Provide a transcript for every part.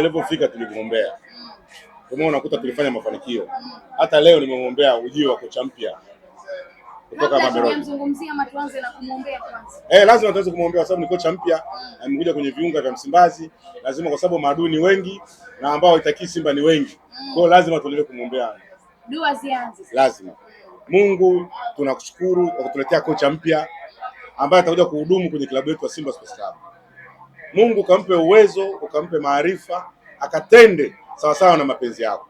alipofika tulimwombea, ndio unakuta tulifanya mafanikio. Hata leo nimemwombea ujio wa kocha mpya kutoka kwanza? Eh, lazima tuanze kumwombea kwa sababu ni kocha mpya amekuja kwenye viunga vya Msimbazi, lazima kwa sababu maadui ni wengi na ambao itaki Simba ni wengi, mm. kwa hiyo lazima tuendelee kumwombea, dua zianze. Lazima Mungu tunakushukuru kwa kutuletea kocha mpya ambaye atakuja kuhudumu kwenye klabu yetu ya Simba Sports Club. Mungu ukampe uwezo, ukampe maarifa, akatende sawasawa na mapenzi yako,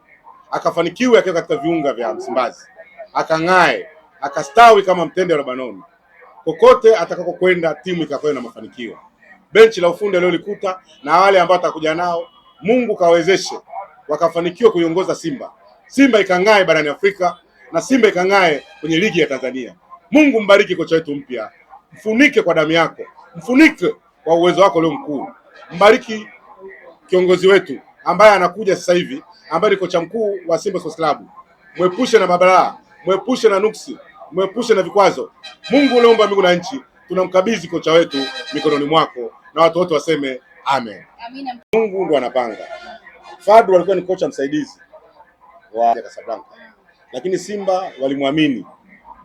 akafanikiwe akiwa katika viunga vya Msimbazi, akang'ae, akastawi kama mtende wa Lebanoni, kokote atakakokwenda timu ikakwenda na mafanikio. Benchi la ufundi aliyolikuta na wale ambao atakuja nao, Mungu kawezeshe wakafanikiwa kuiongoza Simba, Simba ikang'ae barani Afrika na Simba ikang'ae kwenye ligi ya Tanzania. Mungu mbariki kocha wetu mpya, mfunike kwa damu yako, mfunike kwa uwezo wako leo mkuu. Mbariki kiongozi wetu ambaye anakuja sasa hivi, ambaye ni kocha mkuu wa Simba Sports Club. Mwepushe na mabalaa, mwepushe na nuksi, mwepushe na vikwazo. Mungu uliumba mbingu na nchi, tunamkabidhi kocha wetu mikononi mwako, na watu wote waseme amen. Amina. Mungu ndo anapanga. Fadlu alikuwa ni kocha msaidizi wa Casablanca, lakini Simba walimwamini,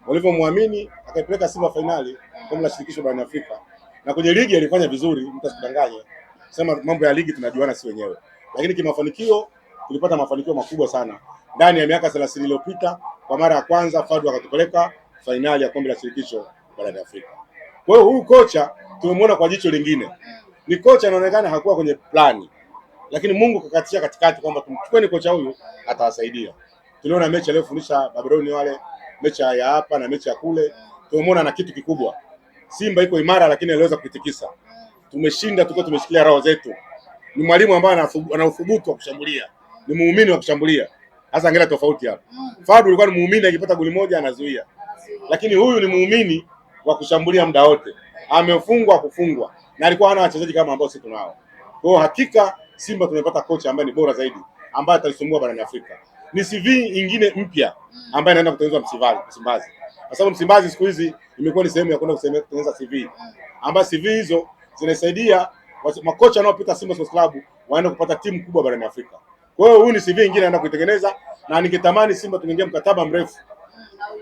walivyomwamini akaipeleka Simba fainali kombe la shirikisho barani Afrika na kwenye ligi alifanya vizuri, mtu asidanganye sema mambo ya ligi tunajuana si wenyewe, lakini kimafanikio tulipata mafanikio makubwa sana ndani ya miaka 30 iliyopita. Kwa mara ya kwanza Fadlu akatupeleka fainali ya kombe la shirikisho barani Afrika. Kwa hiyo huyu kocha tumemwona kwa jicho lingine, ni kocha anaonekana hakuwa kwenye plani, lakini Mungu kakatisha katikati kwamba tumchukue kocha huyu atawasaidia. Tuliona mechi aliyofundisha Babeloni wale, mechi ya hapa na mechi ya kule, tumemwona na kitu kikubwa Simba iko imara, lakini aliweza kuitikisa. Tumeshinda tukiwa tumeshikilia roho zetu. Ni mwalimu ambaye ana uthubutu wa kushambulia, ni muumini wa kushambulia. Sasa angalia tofauti hapo. Fadu alikuwa ni muumini, akipata goli moja anazuia, lakini huyu ni muumini wa kushambulia muda wote, amefungwa kufungwa, na alikuwa hana wachezaji kama ambao sisi tunao. Kwa hiyo hakika Simba tumepata kocha ambaye ni bora zaidi, ambaye atalisumbua barani Afrika. Ni CV nyingine mpya ambaye anaenda kutengenezwa Msimbazi kwa sababu Msimbazi siku hizi imekuwa ni sehemu ya kwenda kutengeneza CV ambazo CV hizo zinasaidia makocha wanaopita Simba Sports Club waende kupata timu kubwa barani Afrika. Kwa hiyo huyu ni CV nyingine anaenda kuitengeneza, na ningetamani Simba tuingie mkataba mrefu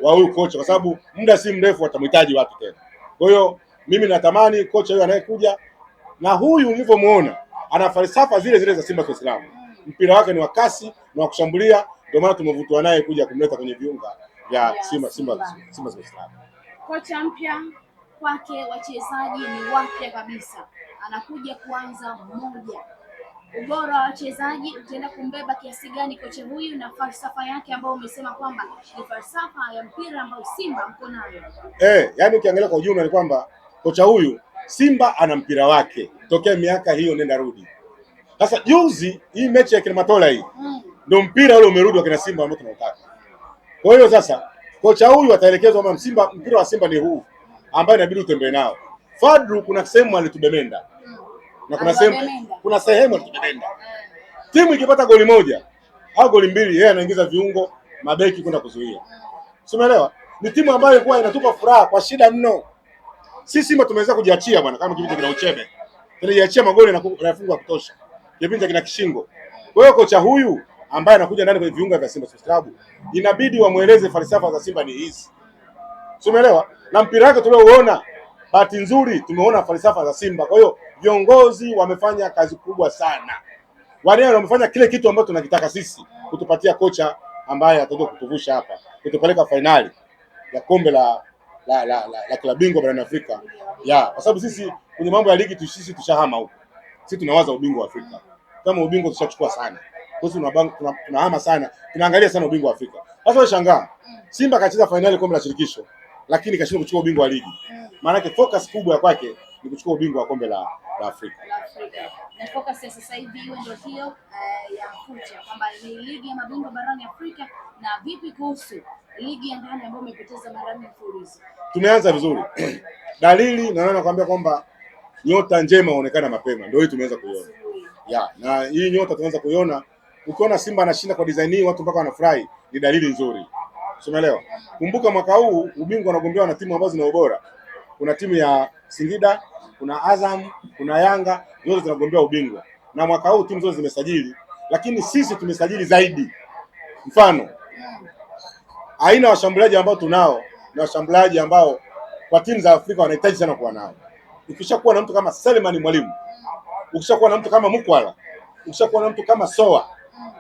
wa huyu kocha, kwa sababu muda si mrefu watamhitaji watu tena. Kwa hiyo mimi natamani kocha huyu anayekuja na huyu ulivyomuona, ana falsafa zile zile za Simba Sports Club. Mpira wake ni wa kasi na wa kushambulia, ndio maana tumevutwa naye kuja kumleta kwenye viunga ya Simba Simba Simba Sports. Kocha mpya kwake wachezaji ni wapya kabisa, anakuja kuanza mmoja. Ubora wa wachezaji utaenda kumbeba kiasi gani kocha huyu na falsafa yake ambayo umesema kwamba ni falsafa ya mpira ambayo Simba mko nayo? Eh, yani ukiangalia kwa ujumla ni kwamba kocha huyu Simba ana mpira wake tokea miaka hiyo nenda rudi. Sasa juzi hii mechi ya Kilimatola hii mm. ndio mpira ule umerudi wakina Simba ambao tunautaka kwa hiyo sasa kocha huyu ataelekezwa kwamba Simba, mpira wa Simba ni huu ambayo inabidi utembee nao. Fadlu kuna sehemu alitubemenda na kuna sehemu kuna sehemu alitubemenda. Timu ikipata goli moja au goli mbili, yeye anaingiza viungo mabeki kwenda kuzuia, simeelewa. Ni timu ambayo ilikuwa inatupa furaha kwa shida mno. Sisi Simba tumeweza kujiachia bwana, kama kipindi kina Uchebe tunajiachia magoli na kufunga kutosha, kipindi kina Kishingo. Kwa hiyo kocha huyu ambaye anakuja ndani kwenye viunga vya Simba Sports Club inabidi wamweleze falsafa za Simba ni hizi, umeelewa? Na mpira wake tulioona, bahati nzuri tumeona falsafa za Simba. Kwa hiyo viongozi wamefanya kazi kubwa sana, wale wamefanya kile kitu ambacho tunakitaka sisi, kutupatia kocha ambaye atakuja kutuvusha hapa, kutupeleka fainali ya kombe la la la, la, la klabu bingwa barani Afrika ya kwa sababu sisi kwenye mambo ya ligi sisi tushahama huko, sisi tunawaza ubingwa wa Afrika, kama ubingwa tushachukua sana kosi tunahama sana, tunaangalia sana ubingwa wa Afrika. Sasa unashangaa Simba kacheza fainali kombe la shirikisho, lakini kashindwa kuchukua ubingwa wa ligi. Maana yake focus kubwa ya kwake ni kuchukua ubingwa wa kombe la la Afrika. Na focus ya sasa hivi hiyo ndio hiyo eh, ya kucha kwamba ni ligi ya mabingwa barani Afrika. Na vipi kuhusu ligi ya ndani ambayo imepoteza mara nne mfululizo? Tumeanza vizuri dalili na nakwambia kwamba nyota njema huonekana mapema, ndio hii tumeanza kuiona ya na hii nyota tunaanza kuiona ukiona Simba anashinda kwa design hii watu mpaka wanafurahi, ni dalili nzuri. Umeelewa? Kumbuka mwaka huu ubingwa unagombewa na timu ambazo zina ubora. Kuna timu ya Singida, kuna Azam, kuna Yanga, zote zinagombea ubingwa, na mwaka huu timu zote zimesajili, lakini sisi tumesajili zaidi. Mfano, aina washambuliaji ambao tunao na washambuliaji ambao kwa timu za Afrika wanahitaji sana kuwa nao. Ukishakuwa na mtu kama Selemani Mwalimu, ukishakuwa na mtu kama Mukwala, ukishakuwa na mtu kama Soa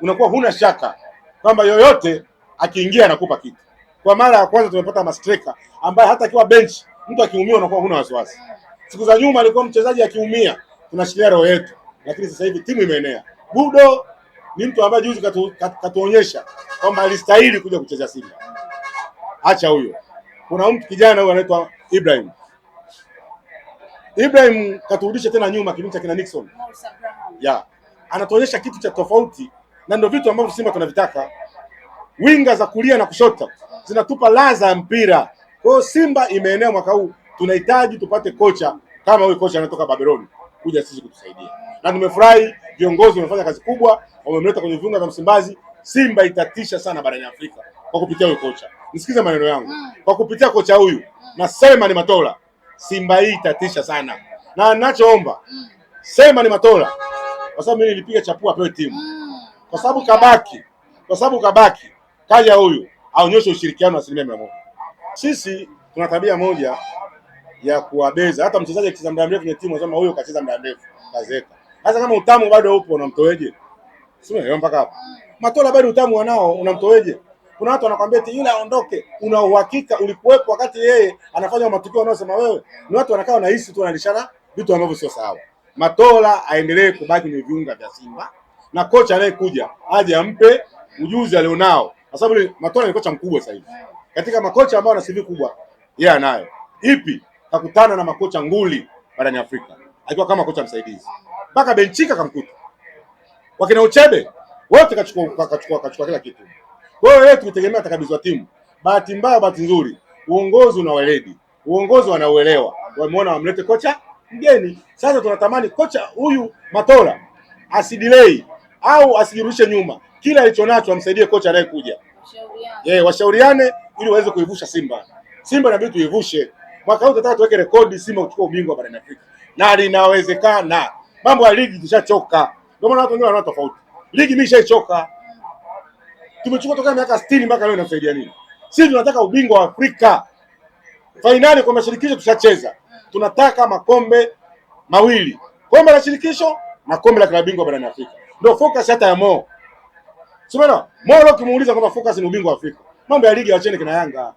unakuwa huna shaka kwamba yoyote akiingia anakupa kitu. Kwa mara ya kwanza tumepata mastreka ambaye hata akiwa bench mtu akiumia unakuwa huna wasiwasi. Siku za nyuma alikuwa mchezaji akiumia tunashikilia roho yetu, lakini sasa hivi timu imeenea. Budo ni mtu ambaye juzi katu, katu, katuonyesha kwamba alistahili kuja kucheza Simba. Acha huyo, kuna mtu kijana huyo anaitwa Ibrahim Ibrahim katurudisha tena nyuma kipindi cha kina Nixon ya yeah. Anatuonyesha kitu cha tofauti na ndio vitu ambavyo Simba tunavitaka. Winga za kulia na kushoto zinatupa laza ya mpira. Kwa hiyo Simba imeenea mwaka huu, tunahitaji tupate kocha kama huyu kocha anatoka Babeloni kuja sisi kutusaidia, na nimefurahi viongozi wamefanya kazi kubwa, wamemleta kwenye viunga vya Msimbazi. Simba itatisha sana barani Afrika kwa kupitia huyu kocha. Nisikize maneno yangu, mm. kwa kupitia kocha huyu mm. nasema ni Matola, Simba hii itatisha sana, na nachoomba mm. ni Matola, kwa sababu mimi nilipiga chapua pewe timu kwa sababu kabaki, kwa sababu kabaki kaja huyu aonyeshe ushirikiano asilimia mia moja. Sisi tuna tabia moja ya kuwabeza, hata mchezaji akicheza muda mrefu kwenye timu anasema huyo kacheza muda mrefu kazeka. Sasa kama utamu bado upo unamtoeje? Sio mpaka hapa Matola bado utamu wanao, unamtoeje? Kuna watu wanakwambia eti yule aondoke, una uhakika ulikuwepo wakati yeye anafanya matukio anayosema wewe? Ni watu wanakaa wanahisi tu wanalishana vitu ambavyo sio sawa. Matola aendelee kubaki ni viunga vya Simba na kocha anayekuja aje ampe ujuzi alionao, kwa sababu Matona ni kocha mkubwa sasa hivi katika makocha ambao ana CV kubwa, yeye yeah, anayo ipi. Kakutana na makocha nguli barani Afrika akiwa kama kocha msaidizi, mpaka Benchika kamkuta, wakina Uchebe wote kachukua, kachukua, kachukua kila kitu. Kwa hiyo yeye tulitegemea atakabizwa timu. Bahati mbaya, bahati nzuri, uongozi una weledi, uongozi wanauelewa, wameona wamlete kocha mgeni. Sasa tunatamani kocha huyu Matola asidilei au asijirudishe nyuma, kila alichonacho amsaidie kocha anayekuja. Yeah, eh, washauriane ili waweze kuivusha Simba. Simba inabidi tuivushe mwaka huu, tunataka tuweke rekodi Simba kuchukua ubingwa barani Afrika na linawezekana. Mambo ya ligi tushachoka, ndio maana watu wengine wanaona tofauti. Ligi mimi shaichoka, tumechukua toka miaka 60 mpaka leo, inasaidia nini? Sisi tunataka ubingwa wa Afrika, fainali kwa mashirikisho tushacheza, tunataka makombe mawili, kombe la shirikisho na kombe la klabu bingwa barani Afrika ndio focus hata ya Mo. Simona, bwana? Mo leo kimuuliza kama focus ni ubingwa wa Afrika. Mambo ya ligi wacheni kina Yanga.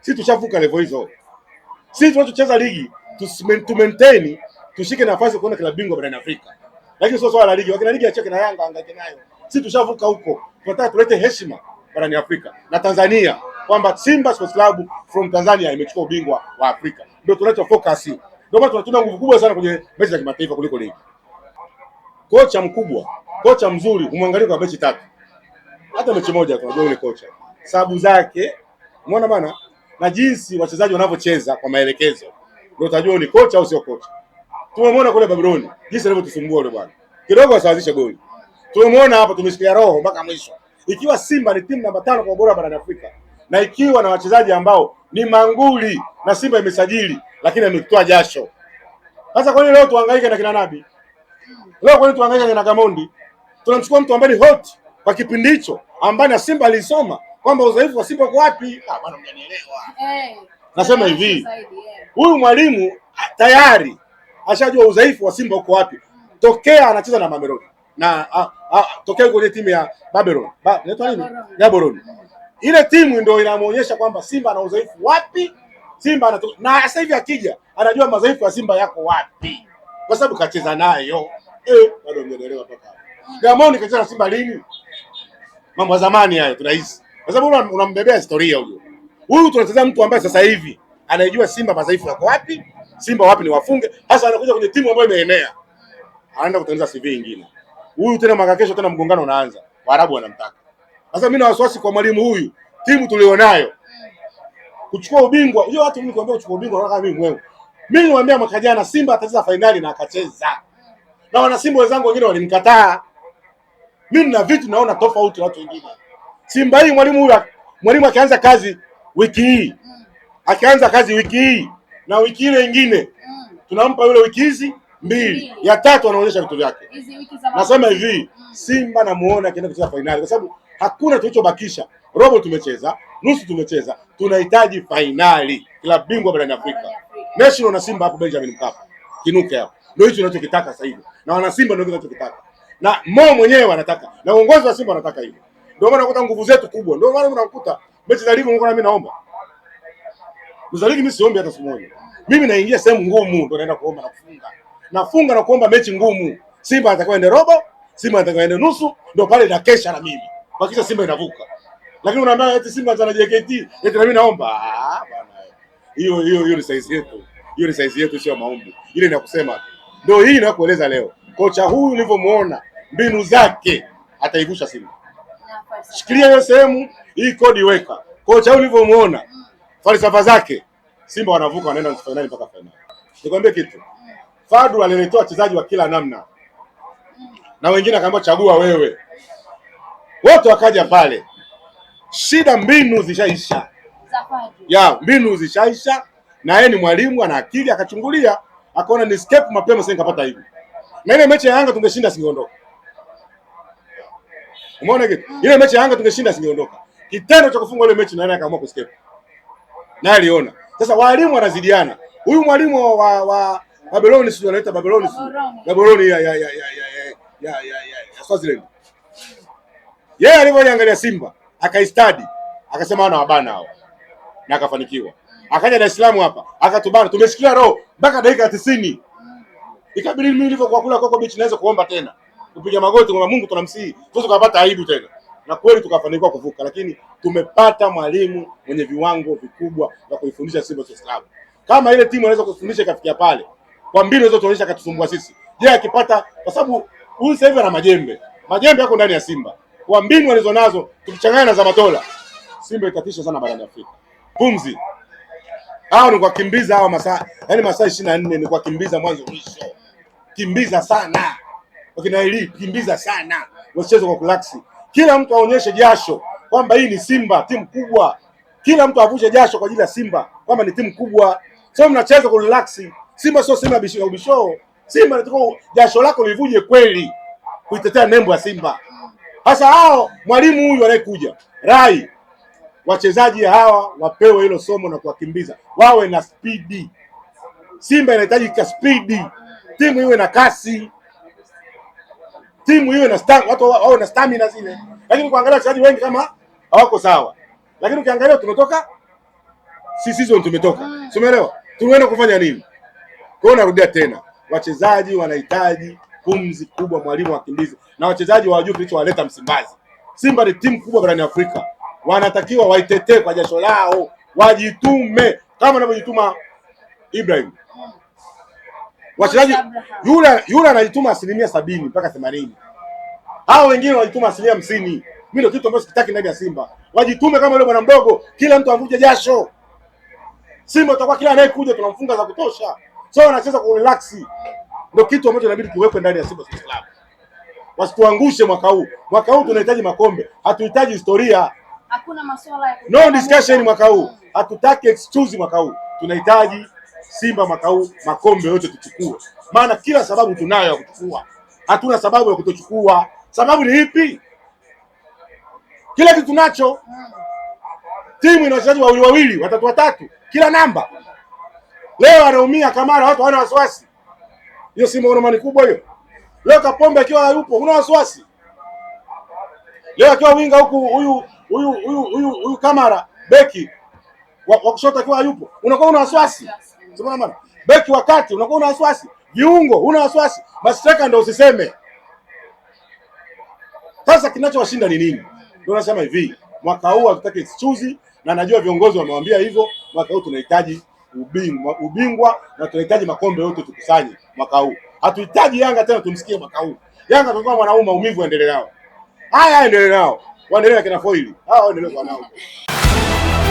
Sisi tushavuka level hizo. Sisi tunachocheza ligi tu maintain tushike nafasi kuona kila bingwa barani Afrika. Lakini sio swala la ligi. Wakina ligi acheke kina Yanga angaje nayo. Sisi tushavuka huko. Tunataka tulete heshima barani Afrika na Tanzania kwamba Simba Sports Club from Tanzania imechukua ubingwa wa Afrika. Ndio tunacho focus. Ndio maana tunatumia nguvu kubwa sana kwenye mechi za kimataifa kuliko ligi. Kocha mkubwa kocha mzuri umwangalie kwa mechi tatu, hata mechi moja kwa ni kocha, sababu zake umeona bana, na jinsi wachezaji wanavyocheza kwa maelekezo, ndio utajua ni kocha au sio kocha. Tumemwona kule Babiloni jinsi alivyotusumbua yule bwana, kidogo asawazishe goli. Tumemwona hapa, tumeshikia roho mpaka mwisho. Ikiwa Simba ni timu namba tano kwa ubora barani Afrika na ikiwa na wachezaji ambao ni manguli na Simba imesajili lakini ametoa jasho. Sasa kwa nini leo tuhangaike na kina Nabi? Leo kwa nini tuhangaike na Gamondi? tunamchukua mtu ambaye ni hot kwa kipindi hicho ambaye na Simba alisoma kwamba udhaifu wa Simba uko wapi. Ah bwana, mjanielewa. hey. Nasema hivi huyu Mwalimu ah, tayari ashajua udhaifu wa Simba uko wapi tokea anacheza na Mamelodi na a, ah, a, ah, tokea kwenye timu ya Babylon ba, inaitwa nini Gaborone, mm. ile timu ndio inamuonyesha kwamba Simba ana udhaifu wapi. Simba ana na sasa hivi akija anajua madhaifu ya Simba yako wapi, kwa sababu kacheza nayo eh, bado mjadelewa mpaka Diamond kacheza Simba lini? Mambo ya zamani hayo tunahisi. Kwa sababu unambebea historia huyo. Huyu tunacheza mtu ambaye sasa hivi anajua Simba madhaifu yako wapi, Simba wapi ni wafunge. Hasa anakuja kwenye timu ambayo imeenea. Anaenda kutengeneza CV nyingine. Huyu tena mwaka kesho tena mgongano unaanza. Waarabu wanamtaka. Sasa mimi na wasiwasi kwa mwalimu huyu. Timu tulionayo kuchukua ubingwa. Hiyo watu mimi kuambia kuchukua ubingwa wanataka mimi mwenyewe. Mimi niwaambia mwaka jana Simba atacheza fainali na akacheza. Na wana Simba wenzangu wengine walimkataa mimi na vitu naona tofauti na watu wengine. Simba hii mwalimu huyu mwalimu akianza kazi wiki hii akianza kazi wiki hii na wiki ile nyingine tunampa yule wiki hizi mbili ya tatu anaonyesha vitu vyake. Nasema hivi mm. Simba namuona akienda kucheza fainali kwa sababu hakuna tulichobakisha. Robo tumecheza, nusu tumecheza, tunahitaji fainali klabu bingwa barani Afrika. National na Simba hapo Benjamin Mkapa. Kinuke hapo. Ndio hicho tunachokitaka sasa hivi. Na wana Simba ndio tunachokitaka na Mo mwenyewe anataka na uongozi wa Simba anataka hivyo. Ndio maana unakuta nguvu zetu kubwa, ndio maana unakuta mechi za ligi unakuwa mimi naomba mzaliki, mimi siombi hata siku moja. Mimi naingia sehemu ngumu, ndio naenda kuomba na kufunga, nafunga na kuomba mechi ngumu. Simba atakwenda ende robo, Simba atakwenda ende nusu, ndio pale na kesha na mimi kwa Simba inavuka, lakini unaambia eti Simba ana JKT eti na mimi naomba. Ah bwana, hiyo hiyo hiyo ni size yetu, hiyo ni size yetu, sio maombi ile. kusema ndio hii, nakueleza leo kocha huyu nilivyomuona mbinu zake ataivusha Simba. Shikilia hiyo sehemu, hii kodi weka kocha ulivyomuona, falsafa zake, Simba wanavuka, wanaenda nusu fainali mpaka fainali. Nikwambie kitu, Fadu aliletoa wachezaji wa kila namna na wengine akaambia chagua wewe, wote wakaja pale. Shida mbinu zishaisha ya mbinu zishaisha, na yeye ni mwalimu, ana akili, akachungulia, akaona ni step mapema, sasa nikapata hivi. Na ile mechi ya Yanga tungeshinda, singeondoka Umeona kitu? Ile mechi Yanga tungeshinda singeondoka. Kitendo cha kufunga ile mechi na yeye akaamua kuskepa. Na aliona. Sasa walimu wanazidiana. Huyu mwalimu wa wa Babeloni sio anaita Babeloni Babeloni ya ya ya ya ya ya ya Swaziland. Yeye alivyoangalia Simba, akaistadi, akasema ana wabana hao. Na akafanikiwa. Akaja Dar es Salaam hapa, akatubana. Tumeshikilia roho mpaka dakika 90. Ikabidi mimi nilivyokuwa kula koko bichi naweza kuomba tena kupiga magoti kwa Mungu tunamsihi, tuweze kupata aibu tena, na kweli tukafanikiwa kuvuka, lakini tumepata mwalimu mwenye viwango vikubwa vya kuifundisha Simba Sports Club. Kama ile timu inaweza kufundisha ikafikia pale kwa mbinu hizo tunaonyesha, katusumbua sisi. Je, akipata, kwa sababu huyu sasa hivi ana majembe, majembe yako ndani ya Simba kwa mbinu alizonazo, tukichanganya na za Matola, Simba itatisha sana barani Afrika. Pumzi hao ni kuwakimbiza hao masaa, yaani masaa 24 na nne ni kuwakimbiza mwanzo mwisho, kimbiza sana wakina Eli kimbiza sana, wasicheze kwa kulaksi. Kila mtu aonyeshe jasho kwamba hii ni Simba timu kubwa, kila mtu avushe jasho kwa ajili ya Simba kwamba ni timu kubwa. Sio mnacheza kwa relaxi. Simba sio Simba ya ubisho. Simba nataka jasho lako livuje kweli kuitetea nembo ya Simba. Sasa hao mwalimu huyu anayekuja rai wachezaji hawa wapewe hilo somo na kuwakimbiza wawe na spidi. Simba inahitaji ka spidi, timu iwe na kasi timu iwe na stamina, watu wawe na stamina zile, lakini kuangalia wachezaji wengi kama hawako sawa, lakini ukiangalia tumetoka si season tumetoka, umeelewa? Tunaenda kufanya nini? Kwa hiyo narudia tena, wachezaji wanahitaji pumzi kubwa, mwalimu akimbize, na wachezaji wajue kilichowaleta Msimbazi. Simba ni timu kubwa barani Afrika, wanatakiwa waitetee kwa jasho lao, wajitume kama anavyojituma Ibrahim wachezaji yule yule anajituma asilimia sabini mpaka themanini hao wengine wanajituma asilimia hamsini mimi ndio kitu ambacho sikitaki ndani ya Simba wajitume kama yule bwana mdogo kila mtu avuje jasho Simba tutakuwa kila anayekuja tunamfunga za kutosha so wanacheza kwa relax ndio kitu ambacho inabidi kiwekwe ndani ya Simba Sports Club wasituangushe mwaka huu mwaka huu tunahitaji makombe hatuhitaji historia hakuna masuala ya no discussion mwaka huu hatutaki excuse mwaka huu tunahitaji Simba mwaka huu makombe yote tuchukue, maana kila sababu tunayo ya kuchukua, hatuna sababu ya kutochukua. Sababu ni ipi? Kila kitu tunacho, timu ina wachezaji wawili wawili, watatu watatu, kila namba. Leo anaumia Kamara, watu hawana wasiwasi. Hiyo si maonomani kubwa hiyo? Leo Kapombe akiwa hayupo una wasiwasi? Leo akiwa winga huku huyu huyu huyu huyu Kamara beki wa kushoto akiwa hayupo unakuwa una wasiwasi? Unaona bwana? Beki wa kati unakuwa una wasiwasi, viungo una wasiwasi, mastreka ndio usiseme. Sasa kinachowashinda ni nini? Ndio nasema hivi, mwaka huu hatutaki chuzi, na najua viongozi wamewambia hivyo. Mwaka huu tunahitaji ubingwa, ubingwa na tunahitaji makombe yote tukusanye mwaka huu. Hatuhitaji Yanga tena tumsikie mwaka huu. Yanga tutakuwa mwanaume maumivu endelee nao. Haya endelee nao. Waendelee kina foili. Hao endelee kwa nao.